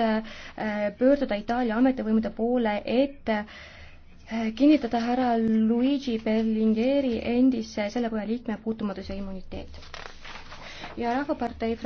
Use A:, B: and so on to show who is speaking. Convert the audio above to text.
A: Äh, pöörduda Itaalia ametivõimude poole, et äh, kinnitada härra Luigi Berlingeri endise selle koja liikme puutumatus ja
B: immuniteet.
C: ja Rahvapartei